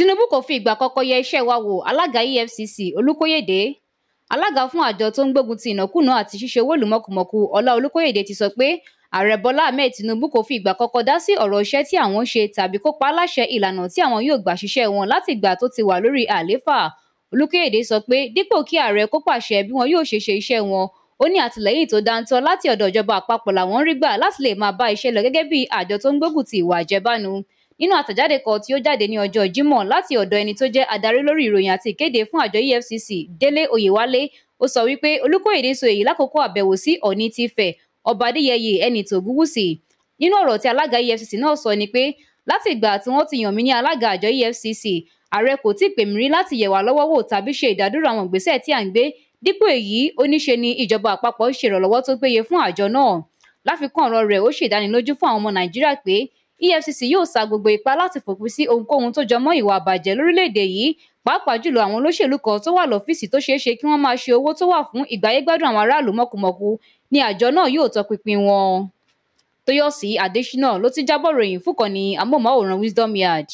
tinubu kò fi ìgbà kọkọ yẹ iṣẹ́ wa wò alága efcc olùkóyèdè alága fún àjọ tó ń gbógun ti ìnákúnàá àti ṣíṣe owó ìlú mọ̀kùmọ̀kù ọlá olùkóyèdè ti sọ pé ààrẹ bọ́lá ahmed tinubu kò fi ìgbà kọkọ dá sí ọ̀rọ̀ iṣẹ́ tí àwọn ń ṣe tàbí kópa láṣẹ ìlànà tí àwọn yóò gbà ṣiṣẹ́ wọn láti ìgbà tó ti wà lórí àlééfà olùkóyèdè sọ pé dípò kí ààrẹ kó pàṣẹ bí wọn yóò ṣe ṣe iṣẹ́ wọn ó ní àtìlẹ́yìn tó dáńtọ́ láti ọ̀dọ̀ ìjọba àpapọ̀ làwọn ń rí gbà láti lè máa bá iṣẹ́ lọ gẹ́gẹ́ bí àjọ tó ń gbógun ti ìwà àjẹbánu nínú àtẹ̀jáde kan tí ó jáde ní ọjọ́ Jímọ̀ láti ọ̀dọ̀ ẹni tó jẹ́ adarí lórí ìròyìn àti ìkéde fún àjọ EFCC Délé Oyèwálé ó sọ wípé Olúkòyèdè sọ èyí lákòókò àbẹ̀wò sí Ọ̀ọ̀ni ti Ifẹ̀ ọba Adéyẹyè Ẹnìtàn Ògúnwùsì nínú ọ̀rọ̀ tí alága EFCC náà sọ ni pé láti ìgbà tí wọ́n ti yàn mí ní alága àjọ EFCC ààrẹ kò tí ì pè mí rí láti yẹ̀ wá lọ́wọ́ wò tàbí ṣe ìdádúró àwọn ìgbésẹ̀ tí à ń gbé dípò èyí ó níṣe ni ìjọba àpapọ̀ ṣèrànlọ́wọ́ tó péye fún àjọ náà láfikún ọ̀rọ̀ rẹ̀ ó ṣèdánilójú fún àwọn ọmọ Nàìjíríà pé EFCC yóò sa gbogbo ipá láti fòpin sí ohunkóhun tó jọmọ́ ìwà àbàjẹ́ lórílẹ̀‐èdè yìí pàápàá jùlọ àwọn olóṣèlú kan tó wà lọ́fíìsì tó ṣeé ṣe kí wọ́n máa ṣe owó tó wà fún ìgbáyégbádùn àwọn aráàlú mọ̀kùmọ̀kù ni àjọ náà yóò tọpinpin wọn. Tóyọ̀sí Adéṣínà ló ti jábọ̀ ròyìn fúnkànnì amóhùnmáwòrán Wisdom Yard.